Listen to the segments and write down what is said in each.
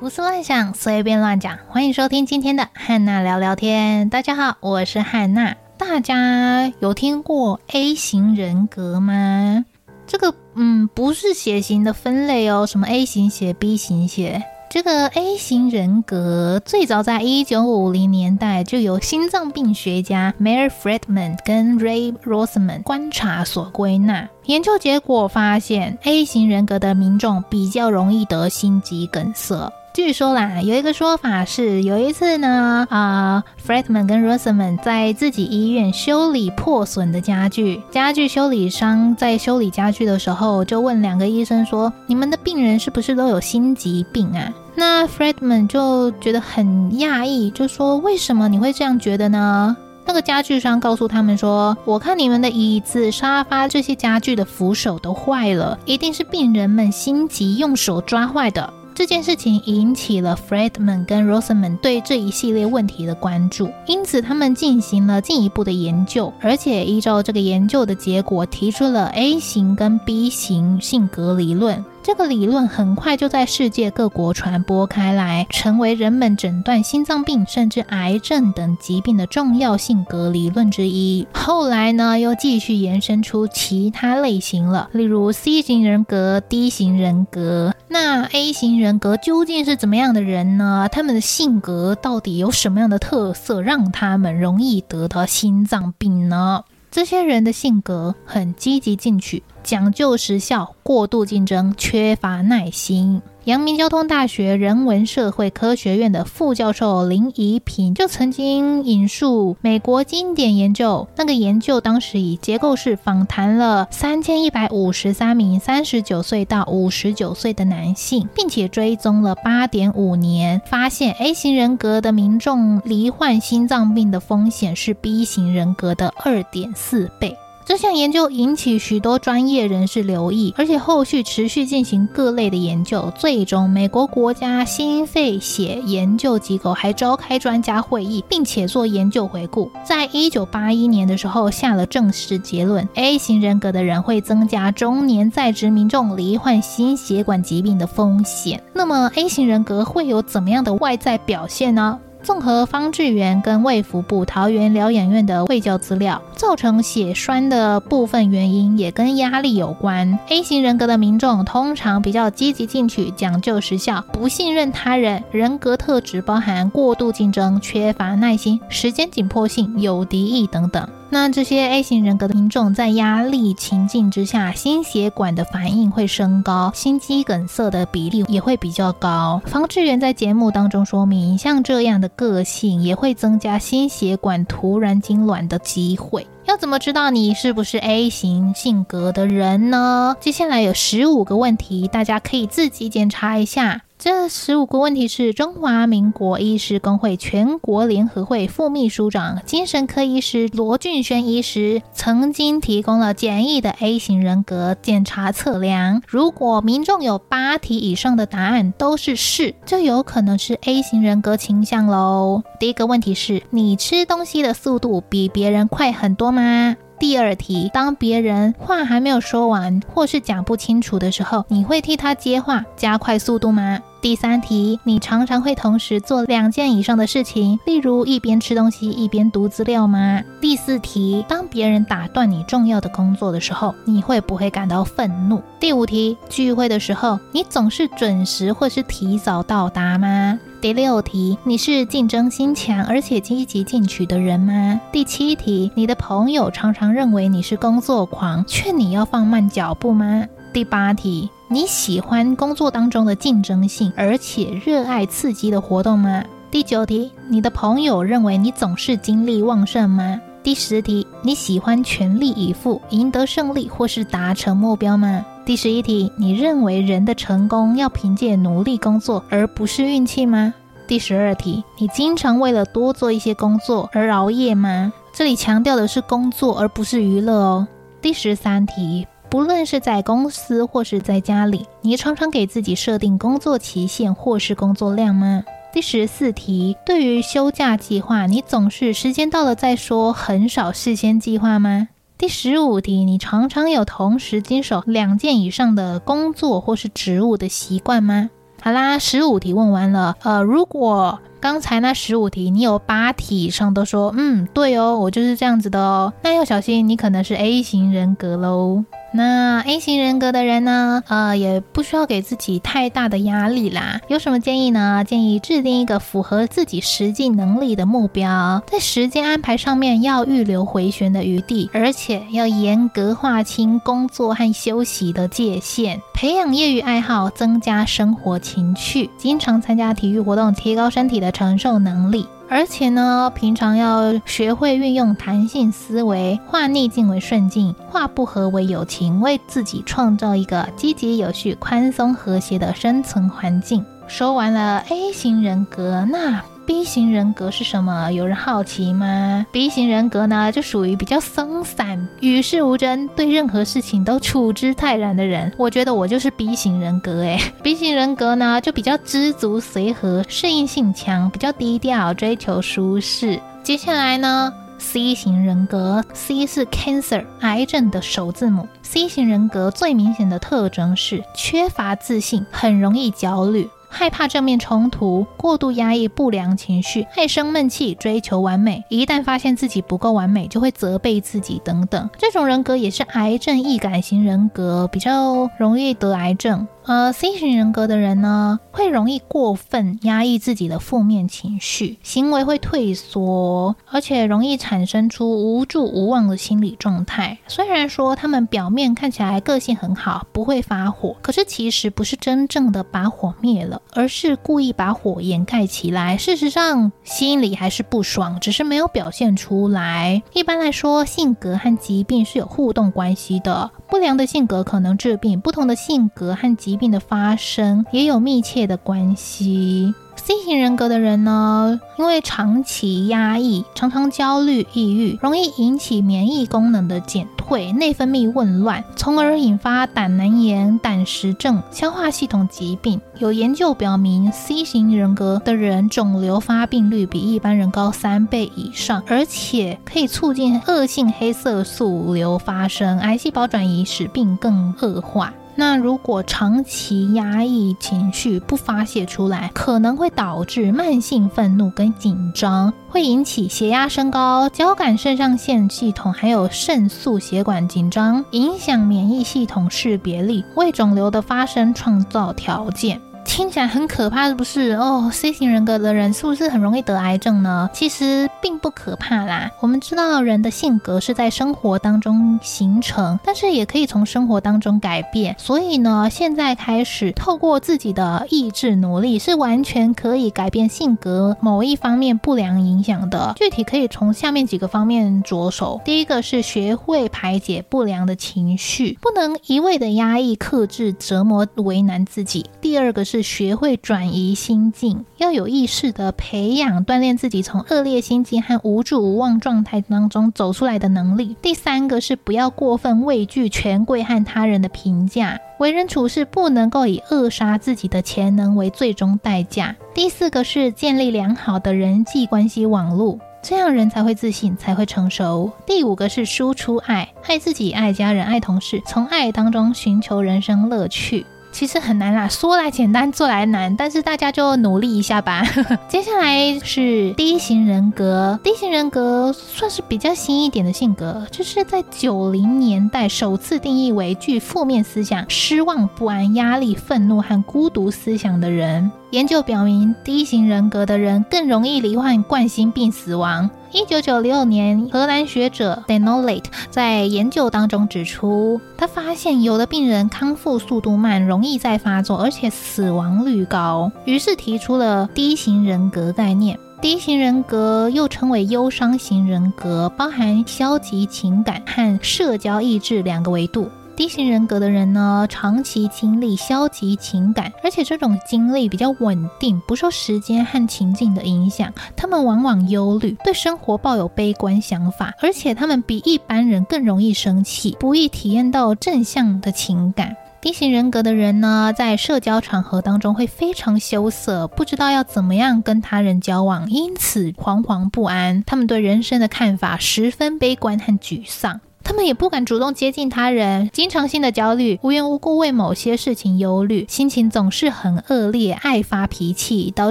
胡思亂想，隨便亂講。歡迎收聽今天的漢娜聊聊天。大家好，我是漢娜。大家有聽過 A 型人格嗎？這個，嗯，不是血型的分類哦。什麼 A 型血、B 型血？這個 A 型人格最早在1950年代就由心臟病學家 Mayer Friedman 跟 Ray Rosenman 觀察所歸納。研究結果發現 A 型人格的民眾比較容易得心肌梗塞。據說啦，有一個說法是，有一次呢，啊、呃、Friedman 跟 Rosenman 在自己醫院修理破損的家具。家具修理商在修理家具的時候，就問兩個醫生說：“你們的病人是不是都有心疾病啊？”那 Friedman 就覺得很訝異，就說：“為什麼你會這樣覺得呢？”那個家具商告訴他們說：“我看你們的椅子、沙發這些家具的扶手都壞了，一定是病人們心急用手抓壞的。”這件事情引起了 Friedman 跟 Rosenman 對這一系列問題的關注，因此他們進行了進一步的研究，而且依照這個研究的結果，提出了 A 型跟 B 型性格理論。這個理論很快就在世界各國傳播開來，成為人們診斷心臟病甚至癌症等疾病的重要性格理論之一。後來呢，又繼續延伸出其他類型了，例如 C 型人格、D 型人格。那 A 型人格究竟是怎麼樣的人呢？他們的性格到底有什麼樣的特色，讓他們容易得到心臟病呢？這些人的性格很積極進取。講究時效，過度競爭，缺乏耐心。陽明交通大學人文社會科學院的副教授林宜平就曾經引述美國經典研究，那個研究當時以結構式訪談了三千一百五十三名三十九歲到五十九歲的男性，並且追蹤了八點五年，發現 A 型人格的民眾罹患心臟病的風險是 B 型人格的二點四倍。這項研究引起許多專業人士留意，而且後續持續進行各類的研究。最終，美國國家心肺血研究機構還召開專家會議，並且做研究回顧。在一九八一年的時候，下了正式結論：A 型人格的人會增加中年在職民眾罹患心血管疾病的風險。那麼，A 型人格會有怎麼樣的外在表現呢？綜合方志源跟衛福部桃園療養院的衛教資料，造成血栓的部分原因也跟壓力有關。A 型人格的民眾通常比較積極進取，講究時效，不信任他人，人格特質包含過度競爭、缺乏耐心、時間緊迫性、有敵意等等。那這些 A 型人格的民眾在壓力情境之下，心血管的反應會升高，心肌梗塞的比例也會比較高。防志遠在節目當中說明，像這樣的個性也會增加心血管突然痙攣的機會。要怎麼知道你是不是 A 型性格的人呢？接下來有十五個問題，大家可以自己檢查一下。這十五個問題是中華民國醫師公會全國聯合會副秘書長、精神科醫師羅俊軒醫師曾經提供了簡易的 A 型人格檢查測量。如果民眾有八題以上的答案都是是，就有可能是 A 型人格傾向嘍。第一個問題是：你吃東西的速度比別人快很多嗎？第二題：當別人話還沒有說完或是講不清楚的時候，你會替他接話，加快速度嗎？第三題，你常常會同時做兩件以上的事情，例如一邊吃東西，一邊讀資料嗎？第四題，當別人打斷你重要的工作的時候，你會不會感到憤怒？第五題，聚會的時候，你總是準時或是提早到達嗎？第六題，你是競爭心強而且積極進取的人嗎？第七題，你的朋友常常認為你是工作狂，勸你要放慢腳步嗎？第八題。你喜歡工作當中的競爭性，而且熱愛刺激的活動嗎？第九題，你的朋友認為你總是精力旺盛嗎？第十題，你喜歡全力以赴贏得勝利或是達成目標嗎？第十一題，你認為人的成功要憑借努力工作而不是運氣嗎？第十二題，你經常為了多做一些工作而熬夜嗎？這裡強調的是工作而不是娛樂哦。第十三題。不論是在公司或是在家裡，你常常給自己設定工作期限或是工作量嗎？第十四題，對於休假計劃，你總是時間到了再說，很少事先計劃嗎？第十五題，你常常有同時經手兩件以上的工作或是職務的習慣嗎？好啦，十五題問完了。呃，如果剛才那十五題你有八題以上都說，嗯，對哦，我就是這樣子的哦，那要小心，你可能是 A 型人格嘍。那 A 型人格的人呢，呃，也不需要給自己太大的壓力啦。有什麼建議呢？建議制定一個符合自己實際能力的目標，在時間安排上面要預留回旋的餘地，而且要嚴格劃清工作和休息的界限。培養業餘愛好，增加生活情趣，經常參加體育活動，提高身體的承受能力。而且呢，平常要學會運用彈性思維，化逆境為順境，化不和為友情，為自己創造一個積極、有序、寬鬆、和諧的生存環境。說完了 A 型人格，那，B 型人格是什麼？有人好奇嗎？B 型人格呢，就屬於比較鬆散、與世無爭、對任何事情都處之泰然的人。我覺得我就是 B 型人格哎、欸。B 型人格呢，就比較知足隨和，適應性強，比較低調，追求舒適。接下來呢，C 型人格，C 是 Cancer 癌症的首字母。C 型人格最明顯的特徵是缺乏自信，很容易焦慮。害怕正面衝突，過度壓抑不良情緒，愛生悶氣，追求完美，一旦發現自己不夠完美，就會責備自己等等。這種人格也是癌症易感型人格，比較容易得癌症。呃，C 型人格的人呢，會容易過分壓抑自己的負面情緒，行為會退縮，而且容易產生出無助無望的心理狀態。雖然說他們表面看起來個性很好，不會發火，可是其實不是真正的把火滅了，而是故意把火掩蓋起來。事實上，心裡還是不爽，只是沒有表現出來。一般來說，性格和疾病是有互動關係的，不良的性格可能致病，不同的性格和疾病病的發生也有密切的關係。C 型人格的人呢，因為長期壓抑、常常焦慮、抑鬱，容易引起免疫功能的減退、內分泌紊亂，從而引發膽囊炎、膽石症、消化系統疾病。有研究表明，C 型人格的人腫瘤發病率比一般人高三倍以上，而且可以促進惡性黑色素瘤發生，癌細胞轉移使病更惡化。那如果長期壓抑情緒不發洩出來，可能會導致慢性憤怒跟緊張，會引起血壓升高、交感腎上腺系統還有腎素血管緊張，影響免疫系統識別力，為腫瘤的發生創造條件。聽起來很可怕，是不是？哦，C 型人格的人是不是很容易得癌症呢？其實並不可怕啦。我們知道人的性格是在生活當中形成，但是也可以從生活當中改變。所以呢，現在開始透過自己的意志努力，是完全可以改變性格某一方面不良影響的。具體可以從下面幾個方面着手：第一個是學會排解不良的情緒，不能一味的壓抑、克制、折磨、為難自己；第二個是。學會轉移心境，要有意識地培養鍛鍊自己從惡劣心境和無助無望狀態當中走出來的能力。第三個是不要過分畏懼權貴和他人的評價，為人處事不能夠以扼殺自己的潛能為最終代價。第四個是建立良好的人際關係網絡，這樣人才會自信，才會成熟。第五個是輸出愛，愛自己，愛家人，愛同事，從愛當中尋求人生樂趣。其實很難啦，說來簡單，做來難，但是大家就努力一下吧。 接下來是 D 型人格，D 型人格算是比較新一點的性格，就是在九零年代首次定義為具負面思想、失望、不安、壓力、憤怒和孤獨思想的人。研究表明，D 型人格的人更容易罹患冠心病、死亡。一九九六年，荷蘭學者 Denollet 在研究當中指出，他發現有的病人康復速度慢，容易再發作，而且死亡率高，於是提出了 D 型人格概念。D 型人格又稱為憂傷型人格，包含消極情感和社交意志兩個維度。D 型人格的人呢，長期經歷消極情感，而且這種經歷比較穩定，不受時間和情境的影響。他們往往憂慮，對生活抱有悲觀想法，而且他們比一般人更容易生氣，不易體驗到正向的情感。D 型人格的人呢，在社交場合當中會非常羞澀，不知道要怎麼樣跟他人交往，因此惶惶不安。他們對人生的看法十分悲觀和沮喪。他們也不敢主動接近他人，經常性的焦慮，無緣無故為某些事情憂慮，心情總是很惡劣，愛發脾氣，導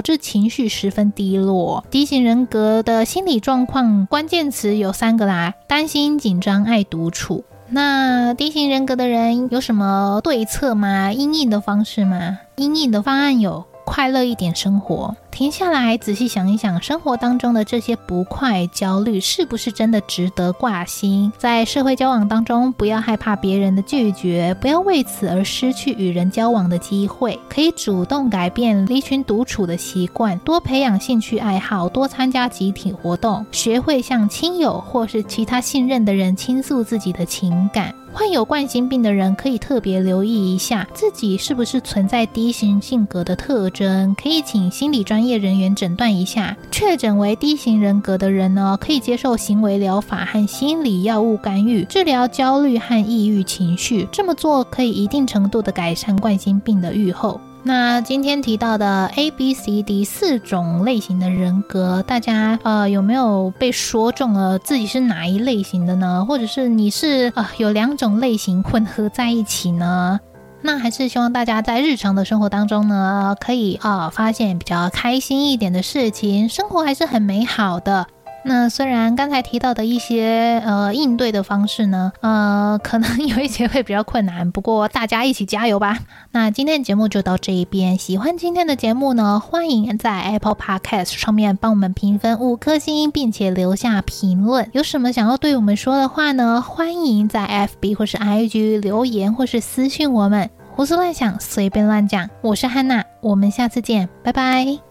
致情緒十分低落。D 型人格的心理狀況關鍵詞有三個啦：擔心、緊張、愛獨處。那 D 型人格的人有什麼對策嗎？因應的方式嗎？因應的方案有。快樂一點，生活。停下來，仔細想一想，生活當中的這些不快、焦慮，是不是真的值得掛心？在社會交往當中，不要害怕別人的拒絕，不要為此而失去與人交往的機會。可以主動改變離群獨處的習慣，多培養興趣愛好，多參加集體活動，學會向親友或是其他信任的人傾訴自己的情感。患有冠心病的人可以特別留意一下自己是不是存在 D 型性格的特徵，可以請心理專業人員診斷一下。確診為 D 型人格的人呢，可以接受行為療法和心理藥物干預，治療焦慮和抑鬱情緒。這麼做可以一定程度的改善冠心病的預後。那今天提到的 A、B、C、D 四種類型的人格，大家呃有沒有被說中了自己是哪一類型的呢？或者是你是啊呃有兩種類型混合在一起呢？那還是希望大家在日常的生活當中呢，可以啊呃發現比較開心一點的事情，生活還是很美好的。那雖然剛才提到的一些呃應對的方式呢，呃可能有一些會比較困難，不過大家一起加油吧。 那今天的節目就到這一邊，喜歡今天的節目呢，歡迎在 Apple Podcast 上面幫我們評分五顆星，並且留下評論。有什麼想要對我們說的話呢？歡迎在 FB 或是 IG 留言或是私訊我們。胡思亂想，隨便亂講，我是漢娜，我們下次見，拜拜。